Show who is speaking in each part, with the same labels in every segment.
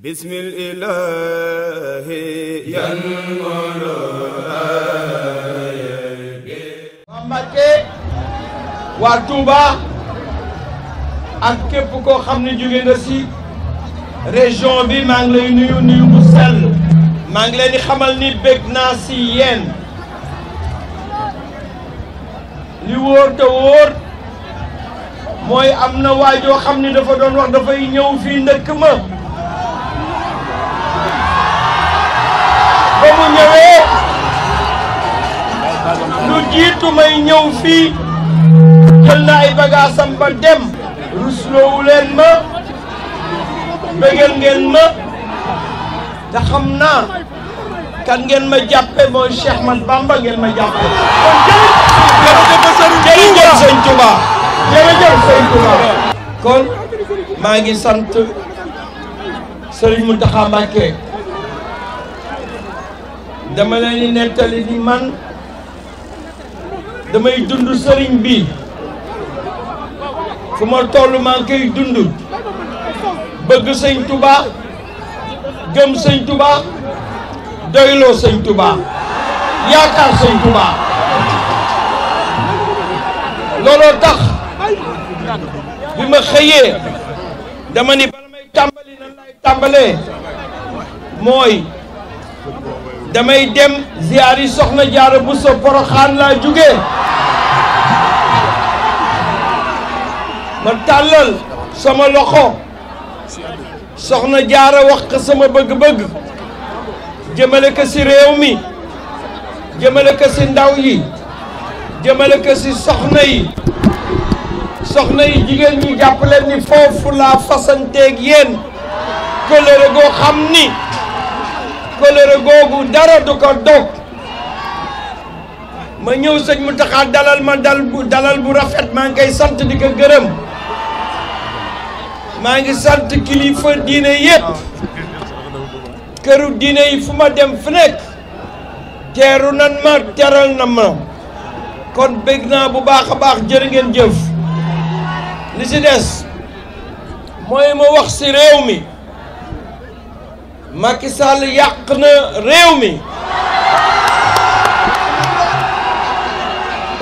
Speaker 1: بسم الإله ينقل Mbacké waa Touba ak képp koo xam ne jóge na si région bi maa ngi lay nuyu nuyu bu sell maa ngi xamal ni bég naa si yéen li wóor te wóor mooy am na waajoo xam ni dafa doon wax dafay ñëw fii ndëkk ma jiitu may ñëw fii jël na ay bagaasam ba dem rusloowu leen ma bëggal ngeen ma te naa kan ma jàppe mooy Cheikh man Bamba ngeen ma jàppe kon jërëjëf jërëjëf sëñ Touba jërëjëf sëñ Touba kon maa ngi sant Serigne Mountakha Mbacké dama leen di nettali ni man damay dund serigne bi fu ma toll dund bëgg serigne Touba gëm serigne Touba doylo serigne Touba yaakaar serigne Touba lolo tax bima xeyé dama ni bala tambali nan lay tambalé moy damay dem ziyaari soxna Jaara Buso Poroxaan la jóge ma tàllal sama loxo soxna jaara wax sama bëgg-bëgg jëmale ko ci réew mi jëmale ko ci ndaw yi jëmale ko ci soxna yi soxna yi jigéen ñi jàppaleen ni foofu laa fasanteeg yéen kóllëre xam ni kóllëre googu dara du ko dog ma ñëw sëñ mu taxaa dalal ma dal bu dalal bu rafet maa ngi koy sant di ko gërëm maa ngi sant kilifa diine yépp këru diine yi fu ma dem fu nekk teeru nan ma teral na ma kon bég naa bu baax a baax jërë ngeen jëf li ci des mooy ma wax ci réew mi Macky Sall yàq na réew mi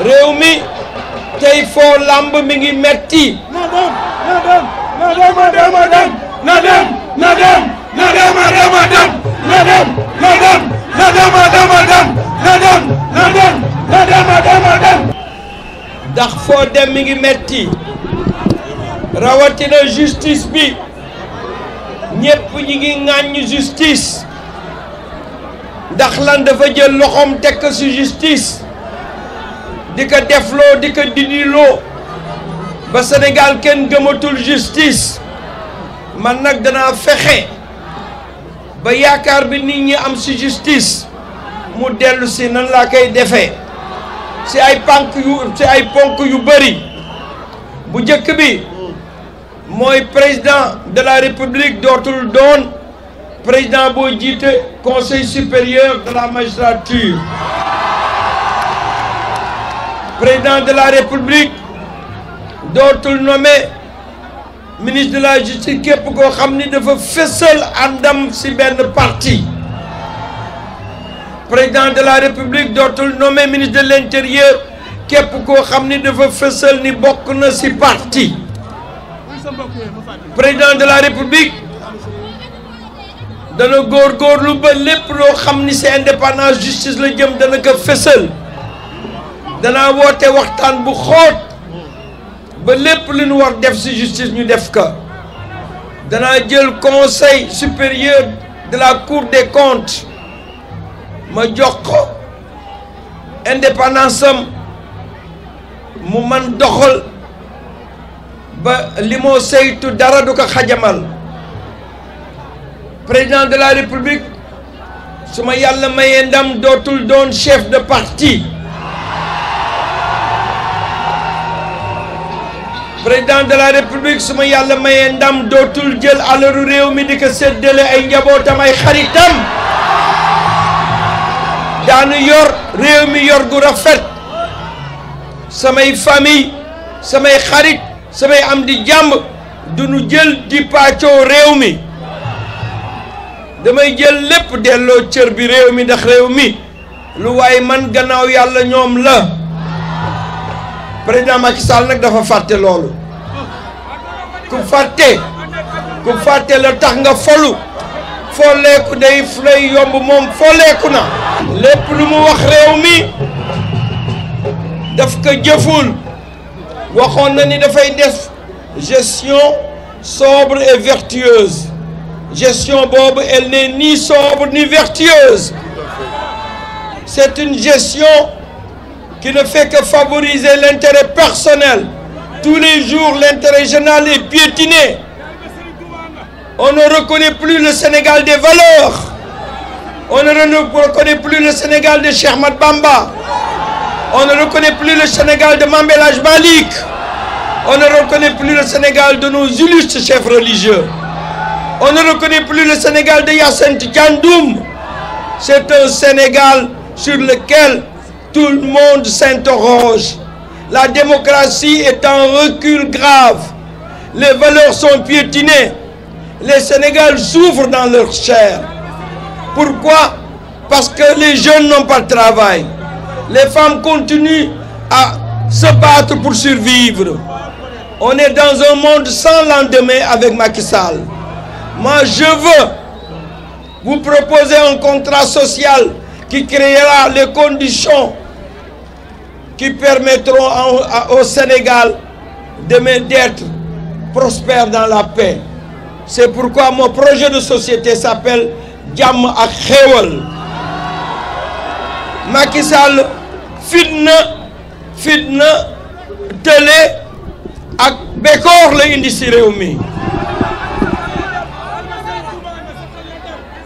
Speaker 1: réew mi tey foo làmb mi ngi metti ndax foo dem mi ngi metti rawatina justice bi ñépp ñi ngi ŋàññ justice ndax lan dafa jël loxoom tekk ci justice di ko defloo di ko dindiloo ba Sénégal kenn gëmatul justice man nag danaa fexe ba yaakaar bi nit ñi am ci justice mu dellu ci nan laa koy defee ci ay pank yu ci ay ponk yu bëri bu bi président de la république dootul Don, président boo conseil supérieur de la magistrature président de la république Dortul nommé ministre de la justice qui ko xamni dafa fessel andam ci ben parti président de la république dortul nommé ministre de l'intérieur qui ko xamni dafa fessel ni Bokuna na ci parti président de la république dana lu ba lepp lo xamni ci indépendance justice la jëm dana ko fessel. dans wote waxtan bu les plus noirs ñu war justice ñu def ka danaa conseil supérieur de la cour des comptes ma jox indépendance am mu man doxal ba limo seytu dara du ko xajamal président de la république suma yalla maye mayee ndam dootul doon chef de parti président de la république su ma yàlla mayee ndam dootul jël alalu réew mi di ko séddale ay njabootam ay xaritam daanu yor réew mi yor gu rafet samay famille samay xarit samay am di jàmb du nu jël di pàccoo réew mi damay jël lépp delloo cër bi réew mi ndax réew mi lu waaye man gannaaw yàlla ñoom la président Macky Sall nak dafa lolu ku ku la tax nga folu day yomb mu wax mi daf ko jëful na ni gestion sobre et vertueuse gestion bob, elle n'est ni sobre ni vertueuse c'est une gestion qui ne fait que favoriser l'intérêt personnel. Tous les jours, l'intérêt général est piétiné. On ne reconnaît plus le Sénégal des valeurs. On ne reconnaît plus le Sénégal de Shermat Bamba. On ne reconnaît plus le Sénégal de Mambelaj Jbalik. On ne reconnaît plus le Sénégal de nos illustres chefs religieux. On ne reconnaît plus le Sénégal de Yassine Tjandoum. C'est un Sénégal sur lequel tout le monde s'interroge. La démocratie est en recul grave. Les valeurs sont piétinées. Les Sénégal s'ouvrent dans leur chair. Pourquoi Parce que les jeunes n'ont pas de travail. Les femmes continuent à se battre pour survivre. On est dans un monde sans lendemain avec Macky Sall. Moi, je veux vous proposer un contrat social qui créera les conditions qui permettront au Sénégal d'être prospère dans la paix. C'est pourquoi mon projet de société s'appelle Djam ak Xéewal. Macky Sall fitna fitna à ak bekor le indi si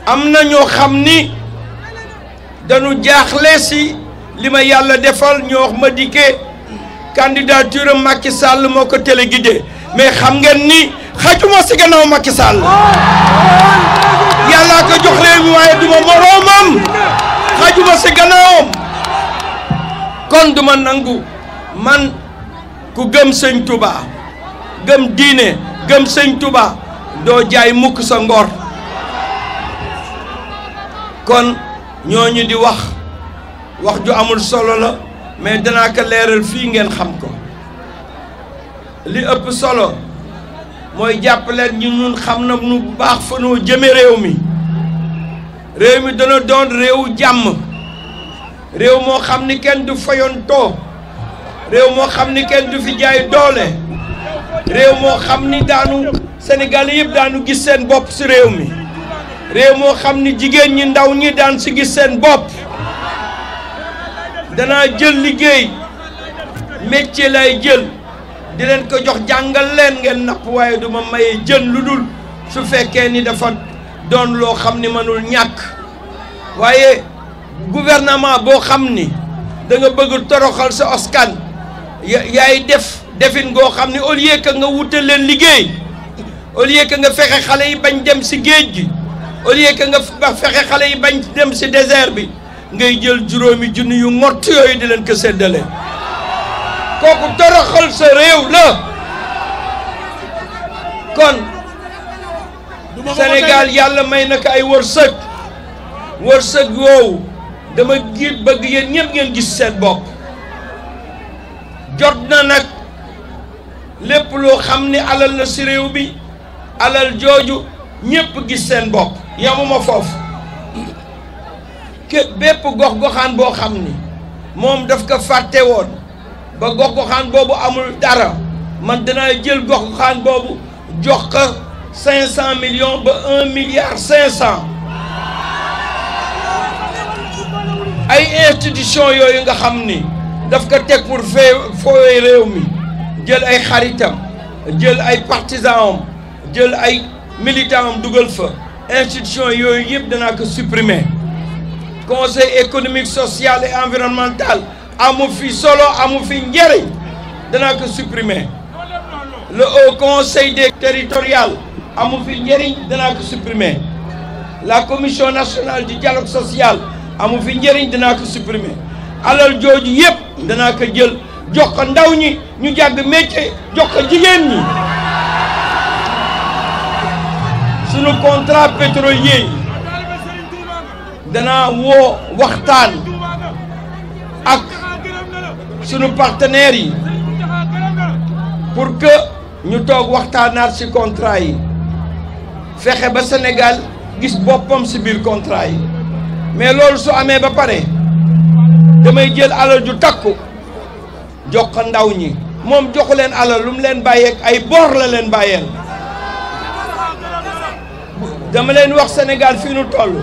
Speaker 1: Amna am lima yalla defal wax ma diké candidature Macky Sall moko guidé mais xam ngeen ni xajuma ci gannaaw Macky Sall yalla ko jox rew mi waye duma moromam xajuma ci gannaawam kon duma nangu man ku gëm seigne touba gëm diiné gëm seigne touba do jaay mukk sa ngor kon ñoñu di wax wax ju amul solo la mais dina ko leral fi ngeen xam ko li ëpp solo japp leen ñu nun xam na nu bu baax no jëme rew mi rew mi dana doon rew jamm rew mo xam ni kenn du foyontoo rew mo xam ni kenn du fi jaay doole rew mo xam ni daanu senegal yeb daanu gis seen bop ci rew mi rew mo xam ni ñi ndaw ñi daan ci gis seen bop dana jël liggéey métier lay jël di len ko jox jangal len ngeen nap waye duma maye jën lu su fekke ni dafa don lo xamni manul ñak waye gouvernement bo xamni da nga bëgg toroxal sa oskan ya-, yaay def defin go xamni au lieu que nga wuté len liggéey au lieu que nga fexé xalé yi bañ dem si geej gi au lieu que nga fexé xalé yi bañ dem si désert bi ngay jël juróomi junni yu ngott yooyu di leen ko séddale kooku toroxal sa réew la kon Sénégal yàlla may na ko ay wërsëg wërsëg woowu dama gi bëgg yéen ñëpp ngeen gis seen bopp jot na nag lépp loo xam ni alal la si réew bi alal jooju ñépp gis seen bopp yamuma foofu bépp gox-goxaan boo xam ni moom daf ko fàtte woon ba gox-goxaan boobu amul dara man danaa jël gox-goxaan boobu jox ko cinq cent millions ba un milliard cinq cent ay institution yooyu nga xam ni daf ko teg pour fee fooy réew mi jël ay xaritam jël ay partisan jël ay militant dugal fa institution yooyu yëpp danaa ko supprimer conseil économique social et environnemental a Moufi solo supprimer le haut conseil des territorial à fi de supprimer la commission nationale du dialogue social à fi de danaa ko supprimer alal je dis, danaa ko jël jox ko ndaw le contrat pétrolier Dana wo waxtan ak sunu partenaires yi pour que ñu tok waxtanar ci contrat yi fexé ba Sénégal gis bopam ci bir contrat yi mais lolu su amé ba paré damay jël alal ju takku jox ndaw ñi mom joxu leen alal lum leen baye ak ay bor la leen bayel dama leen wax Sénégal fi ñu tollu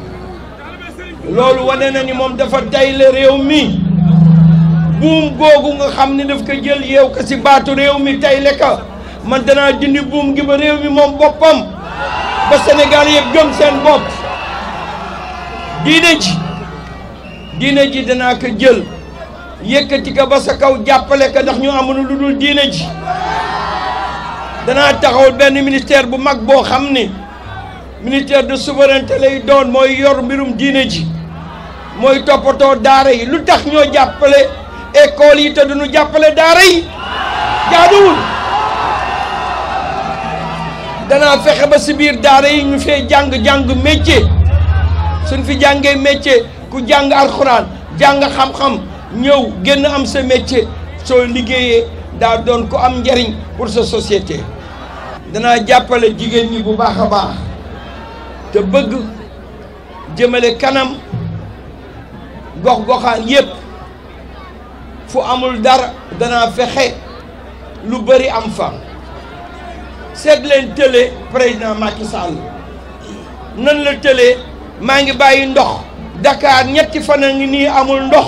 Speaker 1: loolu wane na ni moom dafa tayle réew mi buum googu nga xam ne daf ko jël yeew ko ci baatu réew mi tayle ka man danaa dindi buum gi ba réew mi moom boppam ba Sénégal yëpp gëm seen bopp diine ji diine ji danaa ko jël yëkkati ko ba sa kaw jàppale ko ndax ñu amul lu dul diine ji danaa taxawal benn ministère bu mag boo xam ni ministère de souveraineté lay doon mooy yor mbirum diine ji mooy toppatoo daara yi lu tax ñoo jàppale école yi te duñu jàppale daara yi jaaduwul danaa fexe ba si biir daara yi ñu fee jàng-jàng métier suñ fi jàngee métier ku jàng alxuraan jàng xam-xam ñëw génn am sa métier soo liggéeyee daa doon ko am njariñ pour sa société danaa jàppale jigéen ñi bu baax baax te bëgg jëmale kanam gox-goxaan yépp fu amul dara danaa fexe lu bëri am fa seet leen télé président Macky Sall nan la télé maa ngi bàyyi ndox Dakar ñetti fan a ngi nii amul ndox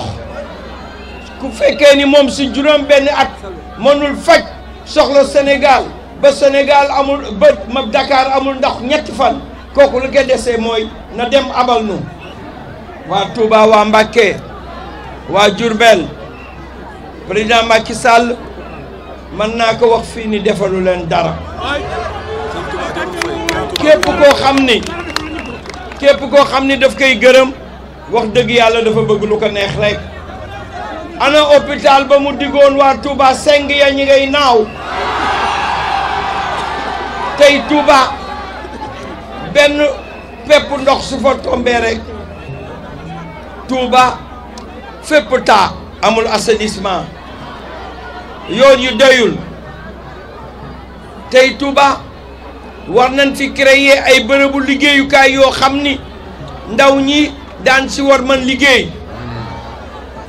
Speaker 1: ku fekkee ni moom si juróom benn at mënul faj soxla senegaal ba Sénégal amul ba ma amul ndox ñetti fan koku lu gën dese na dem abal nu wa Touba wa Mbacké wa jurbel président Macky Sall man naa ko wax fi ni defalu len dara képp ko xamni ni képp koo daf kay gërëm wax dëgg Yalla dafa bëgg lu ko neex rek ana hôpital ba mu diggoon wa Touba seng ya ñi ngay naw tay Touba benn pepp ndox su fa tombee rek Touba fépp taa amul assainissement yoon yu doyul tey Touba war nañ fi créer ay bërëbu liggéeyukaay yoo xam ni ndaw ñi daan si war man liggéey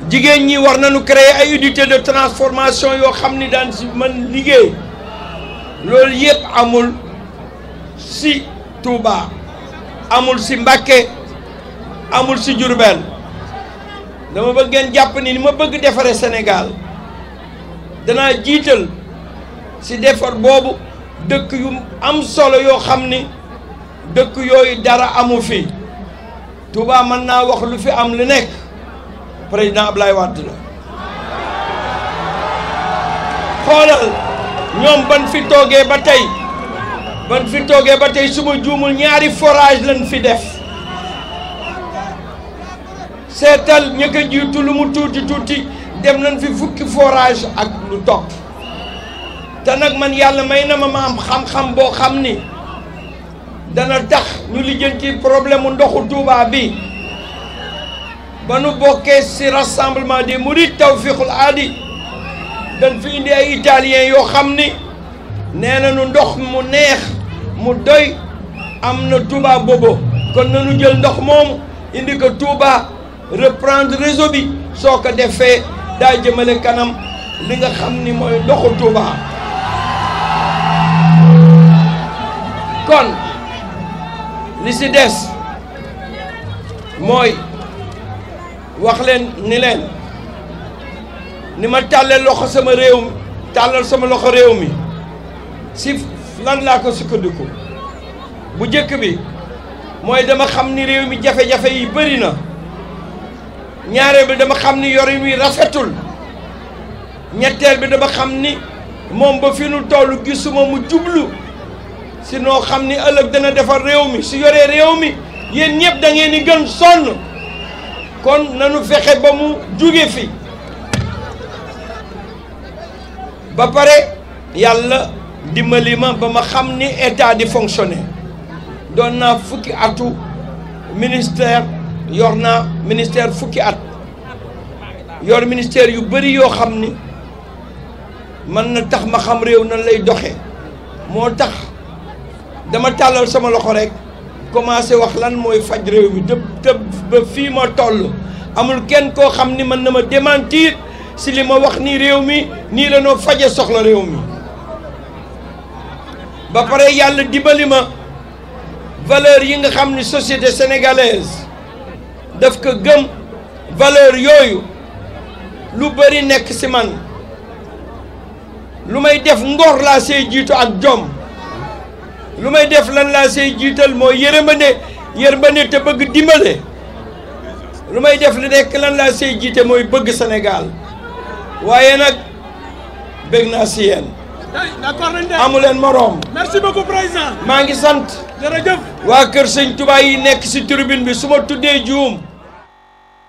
Speaker 1: jigéen ñi war nañu créer ay unité de transformation yoo xam ni daan si mën liggéey loolu yëpp amul si Touba amul si Mbàkke amul si Jurbel dama bëgg jàpp ni ni ma bëgg defare senegaal danaa jiital si defar boobu dëkk yu am solo yoo xam ni dëkk yooyu dara amu fi Touba mën naa wax lu fi am lu nekk président lay Wade la xoolal ñoom ban fi toogee ba tey ban fi toge ba tay suma juumul ñaari forage lañ fi def setal ña jitu lu mu tuti tuti dem lañ fi fukki forage ak lu top ta nak man yalla mayna ma am xam-xam bo xam ni dana tax ñu lijjanti problème ndoxu Touba bi banu bokke ci rassemblement des mourid Tawfiqul adi dañ fi indi ay italien yo xamni nee nañu ndox mu neex mu doy am na Touba Bobo kon nañu jël ndox moomu indi ko Touba reprendre réseau bi soo ko defee daa jëmale kanam li nga xam ni mooy ndoxu Touba kon li si des mooy wax leen ni leen ni ma tàllal loxo sama réew tàllal sama loxo réew mi si lan laa ko sukkandiku bu njëkk bi mooy dama xam ni réew mi jafe-jafe yi bëri na ñaareel bi dama xam ni yorin wi rafetul ñetteel bi dama xam ni moom ba fi nu toll gisuma mu jublu si noo xam ni ëllëg dana defar réew mi su yoree réew mi yéen ñëpp da ngeen di gën sonn kon nanu fexe ba mu jóge fi ba pare yàlla dimbali ma ba ma xam ni état di fonctionner doon naa fukki atu ministère yor naa ministère fukki at yor ministère yu bëri yoo xam ni mën na tax ma xam réew nan lay doxee moo tax dama tàllal sama loxo rek commencé wax lan mooy faj réew mi dëb dëb ba fii ma toll amul kenn koo xam ni mën na ma démentir si li ma wax ni réew mi nii la noo faje soxla réew mi ba yàlla dimbali ma valeur yi nga xam ni société sénégalaise daf ko gëm valeur yooyu lu bëri nekk ci man lu may def ngor laa see jiito ak jom lu may def lan laa see jiital mooy yërmande yërmande te bëgg dimbale lu may def li nekk lan laa see jiite mooy bëgg Sénégal waaye nag bëgg naa si yéen amu leen moroom. merci beaucoup président. maa ngi sant. jërëjëf. waa Kër Sëñ Touba yi nekk ci tribune bi suma tuddee juum.